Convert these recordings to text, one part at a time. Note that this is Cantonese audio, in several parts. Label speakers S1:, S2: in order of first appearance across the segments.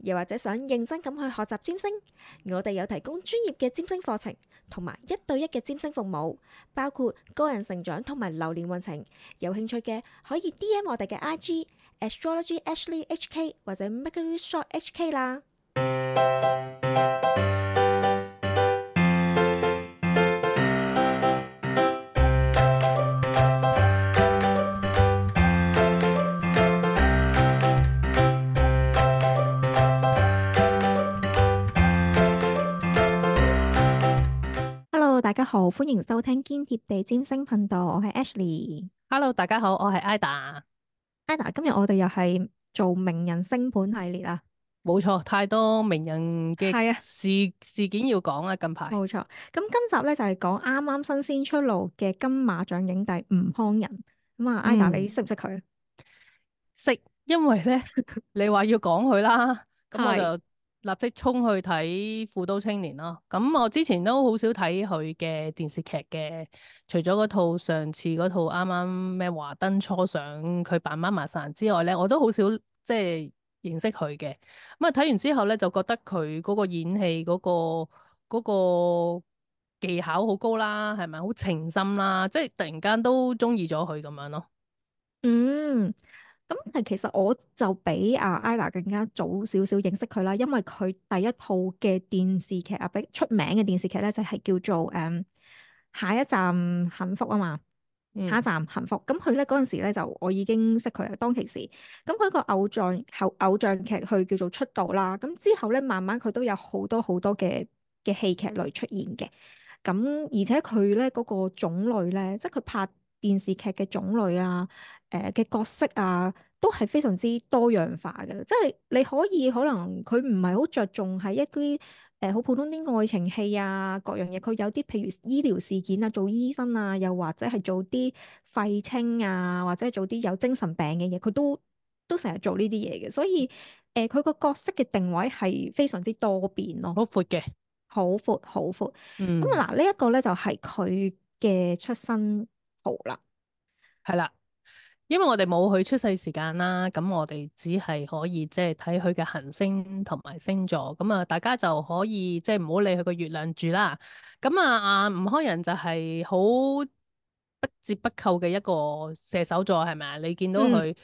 S1: 又或者想認真咁去學習占星，我哋有提供專業嘅占星課程，同埋一對一嘅占星服務，包括個人成長同埋流年運程。有興趣嘅可以 DM 我哋嘅 IG Astrology Ashley HK 或者 Mercury Shop HK 啦。好，歡迎收聽堅貼地占星頻道，我係 Ashley。
S2: Hello，大家好，我係 Ida。
S1: Ida，今日我哋又係做名人星盤系
S2: 列啦。冇錯，太多名人嘅係啊事事件要講啊，近排冇錯。
S1: 咁今集咧，就係講啱啱新鮮出爐嘅金馬獎影帝吳慷仁。咁啊
S2: ，Ida，你識唔識佢？識，因為咧，你話要講佢啦，咁我就，立即衝去睇《富都青年》咯，咁我之前都好少睇佢嘅電視劇嘅，除咗嗰套上次嗰套啱啱咩華燈初上，佢扮媽媽桑之外咧，我都好少即係認識佢嘅。咁啊，睇完之後咧，就覺得佢嗰個演戲嗰個嗰個技巧好高啦，係咪？好情深啦，即係突然間都中意咗佢咁樣咯。嗯。
S1: 咁係其實我就比阿 Ida 更加早少少認識佢啦，因為佢第一套嘅電視劇啊，比出名嘅電視劇呢，就係、是、叫做誒下一站幸福啊嘛，下一站幸福嘛。咁佢、嗯、呢嗰陣時咧就我已經識佢啦，當其時。咁佢個偶像偶偶像劇佢叫做出道啦。咁之後呢，慢慢佢都有好多好多嘅嘅戲劇類出現嘅。咁而且佢呢嗰、那個種類咧，即係佢拍。電視劇嘅種類啊，誒、呃、嘅角色啊，都係非常之多樣化嘅。即係你可以可能佢唔係好着重係一啲誒好普通啲愛情戲啊，各樣嘢佢有啲譬如醫療事件啊，做醫生啊，又或者係做啲廢青啊，或者做啲有精神病嘅嘢，佢都都成日做呢啲嘢嘅。所以誒，佢、呃、個角色嘅定位係非常之多變咯，好闊嘅，好闊好闊。咁啊嗱，嗯嗯這個、呢一個咧就係佢嘅出身。
S2: 好啦，係啦，因為我哋冇佢出世時間啦，咁我哋只係可以即係睇佢嘅行星同埋星座。咁啊，大家就可以即係唔好理佢個月亮住啦。咁啊，阿吳慷仁就係好不折不扣嘅一個射手座，係咪啊？你見到佢、嗯、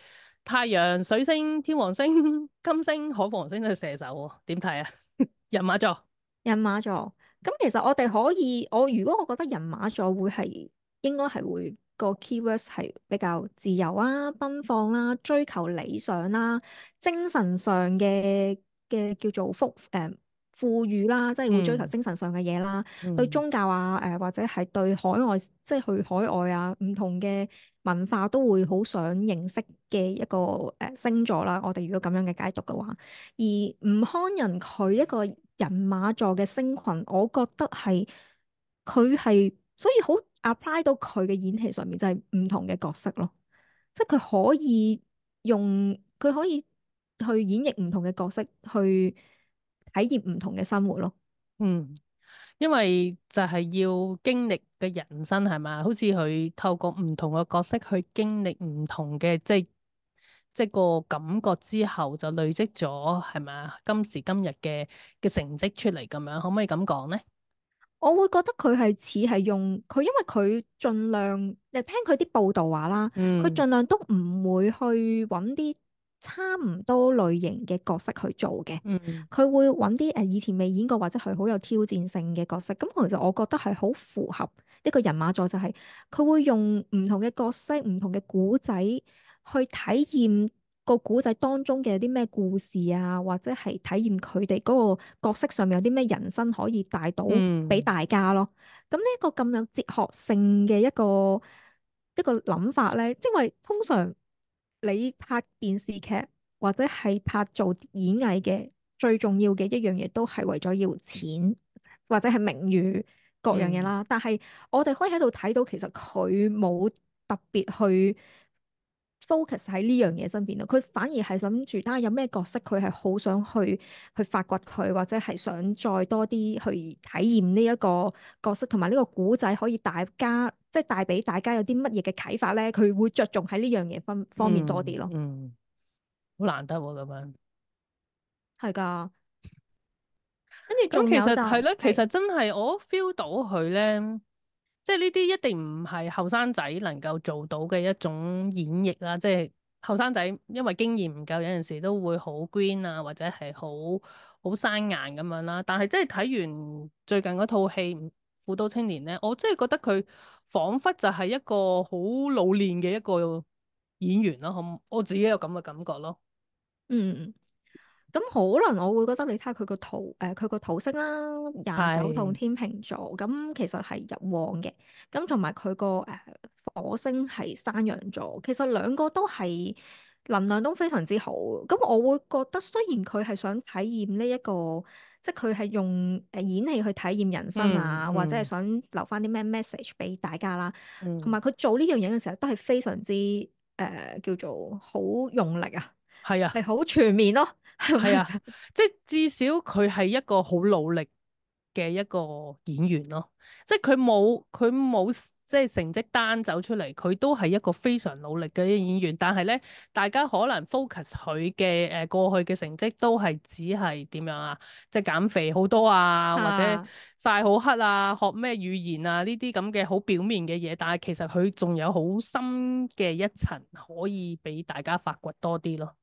S2: 太陽、水星、天王星、金星、海王星都係射手，點睇啊？啊 人馬座，人馬座。咁其實我
S1: 哋可以，我如果我覺得人馬座會係。應該係會個 key words 係比較自由啊、奔放啦、啊、追求理想啦、啊、精神上嘅嘅叫做富誒、呃、富裕啦，即係會追求精神上嘅嘢啦。嗯、對宗教啊誒、呃，或者係對海外即係、就是、去海外啊，唔同嘅文化都會好想認識嘅一個誒星座啦。我哋如果咁樣嘅解讀嘅話，而吳慷仁佢一個人馬座嘅星群，我覺得係佢係所以好。apply 到佢嘅演戲上面，就係唔同嘅角色咯，即係佢可以用佢，可以去演繹唔同嘅角色，去體驗唔同嘅生活咯。嗯，
S2: 因為就係要經歷嘅人生係咪，好似佢透過唔同嘅角色去經歷唔同嘅即係即係個感覺之後，就累積咗係咪，今時今日嘅嘅成績出嚟咁樣，可唔可以咁講咧？
S1: 我會覺得佢係似係用佢，因為佢盡量誒聽佢啲報道話啦，佢、嗯、盡量都唔會去揾啲差唔多類型嘅角色去做嘅，佢、嗯、會揾啲誒以前未演過或者係好有挑戰性嘅角色。咁其實我覺得係好符合呢個人馬座、就係，就係佢會用唔同嘅角色、唔同嘅故仔去體驗。個古仔當中嘅啲咩故事啊，或者係體驗佢哋嗰個角色上面有啲咩人生可以帶到俾大家咯。咁呢一個咁有哲學性嘅一個一個諗法呢，即係通常你拍電視劇或者係拍做演藝嘅最重要嘅一樣嘢都係為咗要錢或者係名譽各樣嘢啦。嗯、但係我哋可以喺度睇到，其實佢冇特別去。Focus 喺呢樣嘢身邊咯，佢反而係諗住，但係有咩角色佢係好想去去發掘佢，或者係想再多啲去體驗呢一個角色，同埋呢個古仔可以大家即係、就是、帶俾大家有啲乜嘢嘅啟發咧，佢會着重喺呢樣嘢分方面多啲咯、嗯。嗯，
S2: 好難得喎、啊、咁樣的。
S1: 係噶、就是，跟住咁其實係咧，其
S2: 實真係我 feel 到佢咧。即係呢啲一定唔係後生仔能夠做到嘅一種演繹啦。即係後生仔因為經驗唔夠，有陣時都會好 green 啊，或者係好好生硬咁樣啦。但係即係睇完最近嗰套戲《富都青年》咧，我真係覺得佢彷彿就係一個好老練嘅一個演員啦。可我自己有咁嘅感覺咯。嗯。
S1: 咁可能我會覺得，你看看，你睇下佢個土誒，佢個土星啦廿九是度天秤座，咁其實係入旺嘅。咁同埋佢個誒火星係山羊座，其實兩、呃、個都係能量都非常之好。咁我會覺得，雖然佢係想體驗呢一個，即係佢係用誒演戲去體驗人生啊，嗯嗯、或者係想留翻啲咩 message 俾大家啦。同埋佢做呢樣嘢嘅時候，都係非常之誒、呃、叫做好
S2: 用力啊，係啊，係好全面咯、哦。係 啊，即係至少佢係一個好努力嘅一個演員咯，即係佢冇佢冇即係成績單走出嚟，佢都係一個非常努力嘅演員。但係咧，大家可能 focus 佢嘅誒，呃、過去嘅成績都係只係點樣啊？即係減肥好多啊，或者曬好黑啊，學咩語言啊呢啲咁嘅好表面嘅嘢。但係其實佢仲有好深嘅一層可以俾大家發掘多啲咯。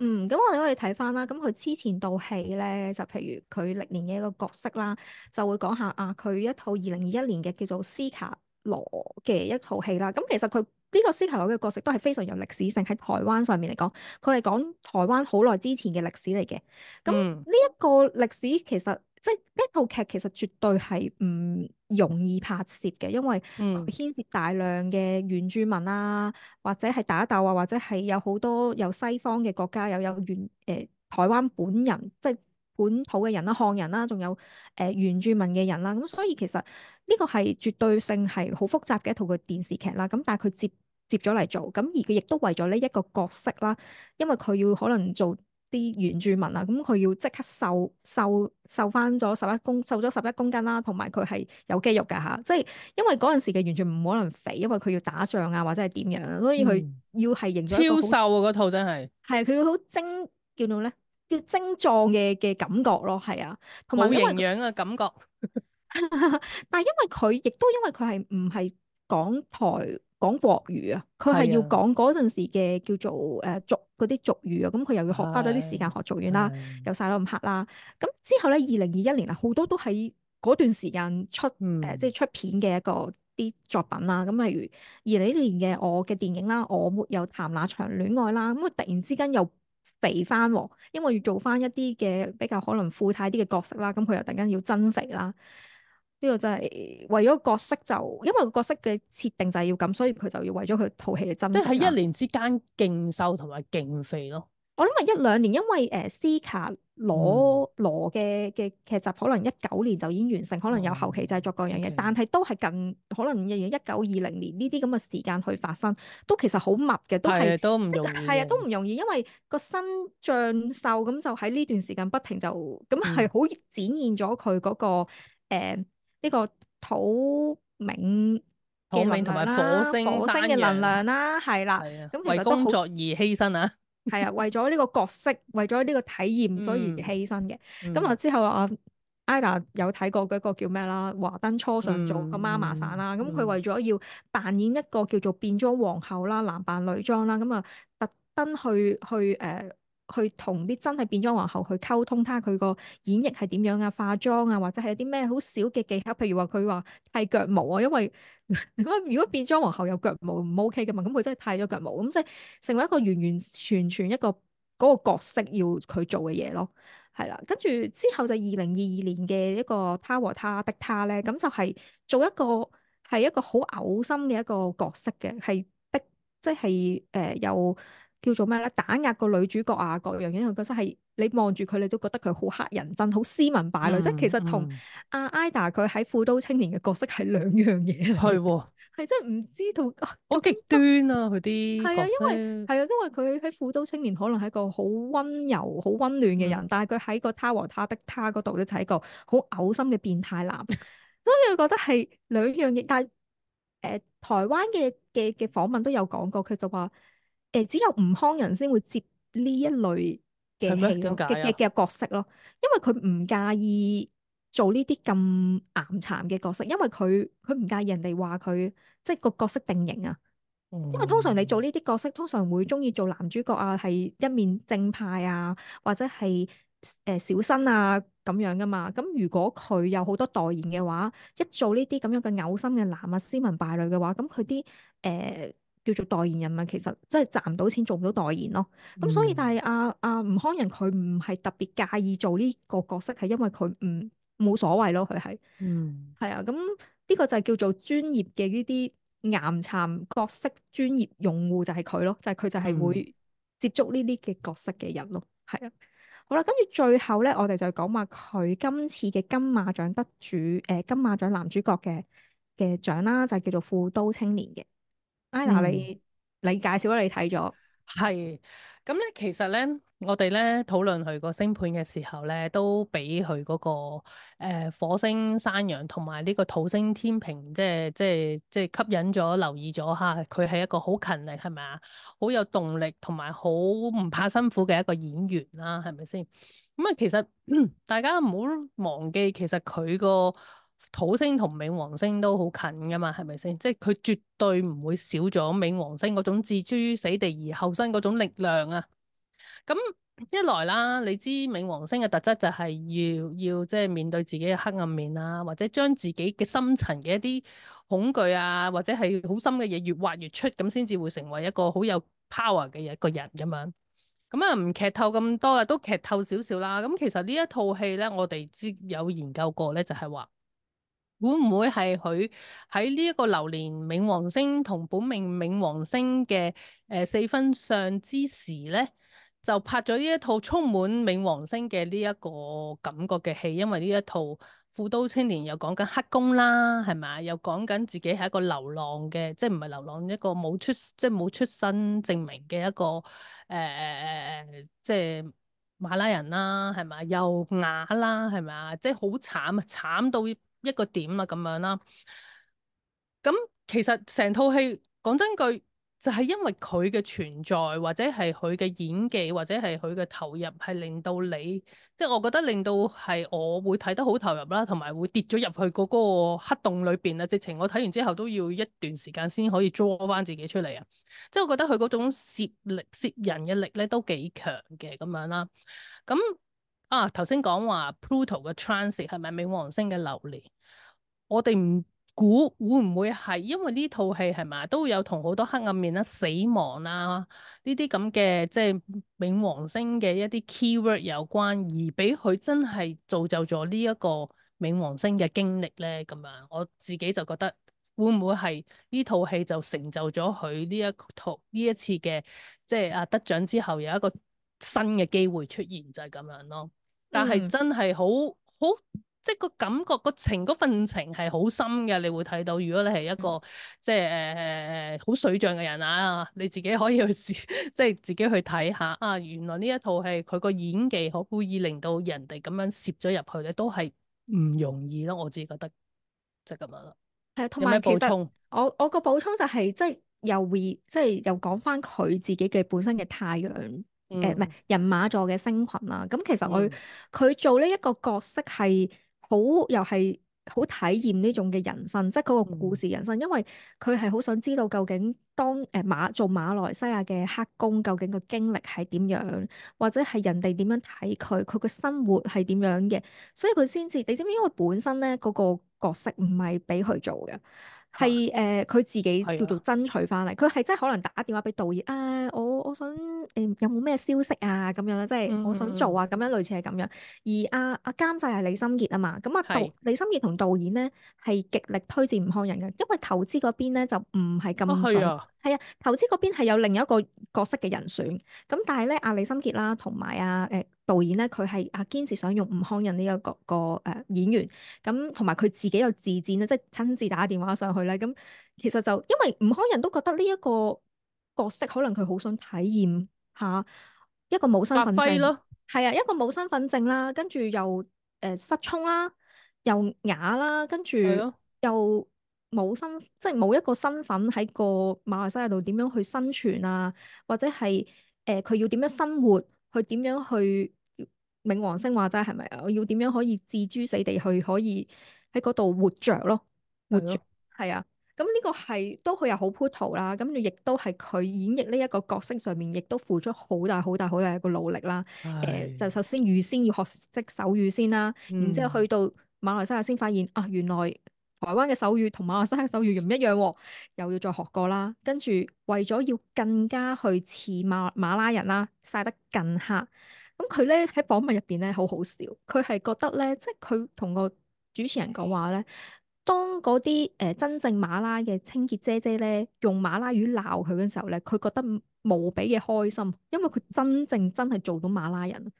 S1: 嗯，咁我哋可以睇翻啦，咁佢之前套戲咧，就譬如佢歷年嘅一個角色啦，就會講下啊，佢一套二零二一年嘅叫做斯卡羅嘅一套戲啦，咁其實佢呢個斯卡羅嘅角色都係非常有歷史性喺台灣上面嚟講，佢係講台灣好耐之前嘅歷史嚟嘅，咁呢一個歷史其實、嗯。即係呢套劇其實絕對係唔容易拍攝嘅，因為佢牽涉大量嘅原住民啦、啊，或者係打鬥啊，或者係有好多有西方嘅國家又有，有原誒、呃、台灣本人即係本土嘅人啦、啊、漢人啦、啊，仲有誒、呃、原住民嘅人啦、啊。咁所以其實呢個係絕對性係好複雜嘅一套嘅電視劇啦、啊。咁但係佢接接咗嚟做，咁而佢亦都為咗呢一個角色啦，因為佢要可能做啲原住民啊，咁佢要即刻瘦瘦瘦翻咗十一公瘦咗十一公斤啦，同埋佢係有肌肉噶吓，即係因為嗰陣時嘅完全唔可能肥，因為佢要打仗啊或者係點樣，所以佢要
S2: 係型、嗯、超瘦啊！嗰套真係，
S1: 係啊，佢好精，叫做咧叫精壯嘅嘅感覺咯，係啊，同埋好營
S2: 養嘅感覺，
S1: 但係因為佢亦都因為佢係唔係港台。講國語啊，佢係要講嗰陣時嘅叫做誒俗嗰啲俗語啊，咁佢又要學花咗啲時間的學俗語啦，的又晒到咁黑啦。咁之後咧，二零二一年啊，好多都喺嗰段時間出誒、呃，即係出片嘅一個啲作品啦。咁例、嗯、如二零一年嘅我嘅電影啦，我沒有談那場戀愛啦。咁啊，突然之間又肥翻，因為要做翻一啲嘅比較可能富態啲嘅角色啦。咁佢又突然間要增肥啦。呢個就係為咗角色就，因為個角色嘅設定就係要咁，所以佢就要為咗佢套戲嘅真。即係一
S2: 年之間勁瘦同埋勁肥咯。我諗係一兩年，因為誒斯卡
S1: 攞羅嘅嘅劇集，可能一九年就已經完成，可能有後期製作各樣嘢，嗯嗯、但係都係近可能一九二零年呢啲咁嘅時間去發生，都其實好密嘅，都係都唔容易，啊，都唔容易，因為個身像秀咁就喺呢段時間不停就咁係好展現咗佢嗰個、嗯呢個土冥
S2: 嘅能量啦，火星嘅能量啦，係啦羊。咁其實都為工作而犧牲啊。係 啊，為
S1: 咗呢個角色，為咗呢個體驗，所以而犧牲嘅。咁啊、嗯，嗯、之後啊，Ida 有睇過嗰個叫咩啦？華燈初上做個媽媽桑啦。咁佢、嗯嗯、為咗要扮演一個叫做變裝皇后啦，男扮女裝啦。咁啊，特登去去誒。呃去同啲真係變裝皇后去溝通，睇下佢個演繹係點樣啊？化妝啊，或者係有啲咩好小嘅技巧？譬如話佢話係腳毛啊，因為 如果變裝皇后有腳毛唔 OK 嘅嘛，咁佢真係剃咗腳毛，咁即係成為一個完完全全一個嗰個角色要佢做嘅嘢咯，係啦。跟住之後就二零二二年嘅一個他和他的他咧，咁就係做一個係一個好嘔心嘅一個角色嘅，係逼即係誒有。呃有叫做咩咧？打壓個女主角啊，各樣嘢佢覺得係你望住佢，你都覺得佢好黑人憎，好斯文敗類。嗯、即係其實同阿 Ida 佢喺《富都青年》嘅角色係兩樣嘢。係喎、嗯，係 真唔知道好極端啊！佢啲係啊，因為係啊，因為佢喺《富都青年》可能係一個好溫柔、好溫暖嘅人，嗯、但係佢喺個他和他的他嗰度咧，就係一個好嘔心嘅變態男， 所以佢覺得係兩樣嘢。但係誒、呃，台灣嘅嘅嘅訪問都有講過，佢就話。誒只有吳慷仁先會接呢一類嘅戲咯，嘅嘅角色咯，因為佢唔介意做呢啲咁巖殘嘅角色，因為佢佢唔介意，這這介意人哋話佢即係個角色定型啊。嗯、因為通常你做呢啲角色，通常會鍾意做男主角啊，係一面正派啊，或者係誒、呃、小生啊咁樣噶嘛。咁如果佢有好多代言嘅話，一做呢啲咁樣嘅嘔心嘅男啊，斯文敗類嘅話，咁佢啲誒。呃叫做代言人嘛，其實真係賺唔到錢，做唔到代言咯。咁、嗯、所以但、啊，但係阿阿吳康仁佢唔係特別介意做呢個角色，係因為佢唔冇所謂咯。佢係，係、嗯、啊。咁呢個就係叫做專業嘅呢啲岩巉角色，專業用戶就係佢咯，就係、是、佢就係會接觸呢啲嘅角色嘅人咯。係、嗯、啊，好啦，跟住最後呢，我哋就講話佢今次嘅金馬獎得主，誒、呃、金馬獎男主角嘅嘅獎啦、啊，就係叫做富都青年嘅。嗱 I、嗯，你介
S2: 紹你介紹咗你睇咗，係咁咧。其實咧，我哋咧討論佢個星盤嘅時候咧，都俾佢嗰個、呃、火星山羊同埋呢個土星天平，即係即係即係吸引咗留意咗吓。佢係一個好勤力係咪啊？好有動力同埋好唔怕辛苦嘅一個演員啦，係咪先？咁啊，其實、嗯、大家唔好忘記，其實佢個，土星同冥王星都好近噶嘛，係咪先？即係佢絕對唔會少咗冥王星嗰種置之死地而後生嗰種力量啊。咁一來啦，你知冥王星嘅特質就係要要即係面對自己嘅黑暗面啊，或者將自己嘅深層嘅一啲恐懼啊，或者係好深嘅嘢越挖越出，咁先至會成為一個好有 power 嘅一個人咁樣。咁啊，唔劇透咁多啦，都劇透少少啦。咁其實呢一套戲咧，我哋之有研究過咧，就係話。會唔會係佢喺呢一個流年冥王星同本命冥王星嘅誒、呃、四分相之時咧，就拍咗呢一套充滿冥王星嘅呢一個感覺嘅戲？因為呢一套《富都青年》又講緊黑工啦，係嘛？又講緊自己係一個流浪嘅，即係唔係流浪一個冇出即係冇出身證明嘅一個誒誒誒，即係馬拉人啦，係嘛？又啞啦，係嘛？即係好慘啊！慘到～一個點啊咁樣啦，咁其實成套戲講真句，就係、是、因為佢嘅存在，或者係佢嘅演技，或者係佢嘅投入，係令到你，即、就、係、是、我覺得令到係我會睇得好投入啦，同埋會跌咗入去嗰個黑洞裏邊啊！直情我睇完之後都要一段時間先可以捉翻自己出嚟啊！即、就、係、是、我覺得佢嗰種攝力、攝人嘅力咧都幾強嘅咁樣啦。咁啊頭先講話 Pluto 嘅 Transit 係咪冥王星嘅流年？我哋唔估會唔會係因為呢套戲係咪都有同好多黑暗面啦、死亡啦呢啲咁嘅，即係冥王星嘅一啲 keyword 有關，而俾佢真係造就咗呢一個冥王星嘅經歷咧。咁樣我自己就覺得會唔會係呢套戲就成就咗佢呢一套呢一次嘅，即係啊得獎之後有一個新嘅機會出現就係、是、咁樣咯。但係真係好好。嗯即係個感覺，個情，嗰份情係好深嘅。你會睇到，如果你係一個、嗯、即係誒誒誒好水象嘅人啊，你自己可以去試即係自己去睇下啊。原來呢一套戲佢個演技，好故意令到人哋咁樣攝咗入去咧，都係唔容易咯。我自己覺得即係咁樣咯。
S1: 係同埋其實我我個補充就係、是、即係又會即係又講翻佢自己嘅本身嘅太陽誒唔係人馬座嘅星群啦。咁其實佢佢、嗯、做呢一個角色係。好又係好體驗呢種嘅人生，即係嗰個故事人生，因為佢係好想知道究竟當誒馬做馬來西亞嘅黑工，究竟個經歷係點樣，或者係人哋點樣睇佢，佢個生活係點樣嘅，所以佢先至，你知唔知？因為本身咧嗰、那個角色唔係俾佢做嘅。係誒，佢、呃、自己叫做爭取翻嚟，佢係、啊、真係可能打電話俾導演啊，我我想誒、呃、有冇咩消息啊咁樣啦，即係、嗯、我想做啊咁樣，類似係咁樣。而阿、啊、阿監製係李心潔啊嘛，咁阿、啊、導是李心潔同導演咧係極力推薦吳慷仁嘅，因為投資嗰邊咧就唔係咁係啊，投資嗰邊係有另一個角色嘅人選，咁但係咧阿李心潔啦同埋啊誒，啊啊導演咧，佢係啊堅持想用吳慷仁呢一個個誒演員，咁同埋佢自己又自薦啦，即係親自打電話上去咧。咁其實就因為吳慷仁都覺得呢一個角色，可能佢好想體驗下一個冇身份證，咯，係啊，一個冇身份證啦，跟住又誒失聰啦，又啞啦，跟住又冇身，即係冇一個身份喺個馬來西亞度點樣去生存啊，或者係誒佢要點樣生活？佢點樣去冥王星話齋係咪啊？我要點樣可以置諸死地去可以喺嗰度活著咯？活著係的啊！咁呢個係都佢又好鋪圖啦，咁亦都係佢演繹呢一個角色上面，亦都付出好大好大好大一個努力啦。誒的、呃，就首先預先要學識手語先啦，嗯、然之後去到馬來西亞先發現啊，原來，台灣嘅手語同馬來西亞手語又唔一樣喎、哦，又要再學過啦。跟住為咗要更加去似馬馬拉人啦，曬得更黑。咁佢咧喺訪問入邊咧好好笑，佢係覺得咧，即係佢同個主持人講話咧，當嗰啲誒真正馬拉嘅清潔姐姐咧，用馬拉語鬧佢嘅時候咧，佢覺得無比嘅開心，因為佢真正真係做到馬拉人。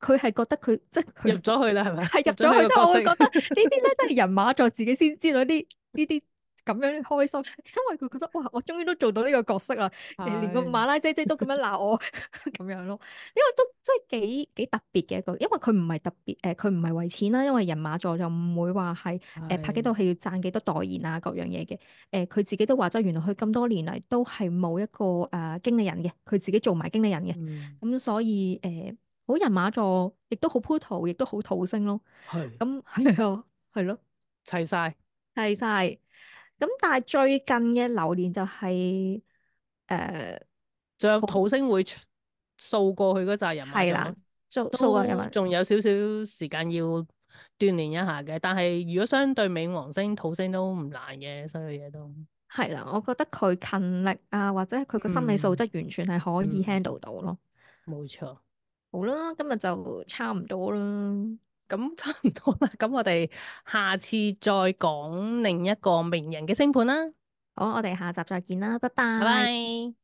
S1: 佢係覺得佢即
S2: 係入咗去啦，係咪？係入咗去之後，
S1: 了了我會覺得呢啲咧，即係 人馬座自己先知道啲呢啲咁樣開心，因為佢覺得哇，我終於都做到呢個角色啦。誒， 連個馬拉姐姐都咁樣鬧我咁 樣咯。呢個都真係幾幾特別嘅一個，因為佢唔係特別誒，佢唔係為錢啦。因為人馬座就唔會話係誒拍幾套戲要賺幾多代言啊，各樣嘢嘅。誒、呃，佢自己都話咗，原來佢咁多年嚟都係冇一個誒經理人嘅，佢自己做埋經理人嘅。咁、嗯、所以誒。呃好人馬座，亦都好 Pluto，亦都好土星咯。係咁是，係咯，係咯，齊晒，齊晒了。咁但係最近嘅流年就係、是、誒，
S2: 就、呃、有土星會掃過去嗰扎人馬座。係啦，掃掃過人馬座，仲有少少時間要鍛煉一下嘅。但係如果相對冥王星、土星都唔難嘅，所有嘢都係啦。我覺得佢勤力啊，或者佢個心理素質完
S1: 全係可以 handle 到咯。
S2: 冇錯、嗯。嗯好啦，今日就差唔多啦，咁、嗯、差唔多啦，咁、嗯、我哋下次再講另一個名人嘅星盤啦。好，我哋下集再見啦，拜拜。Bye bye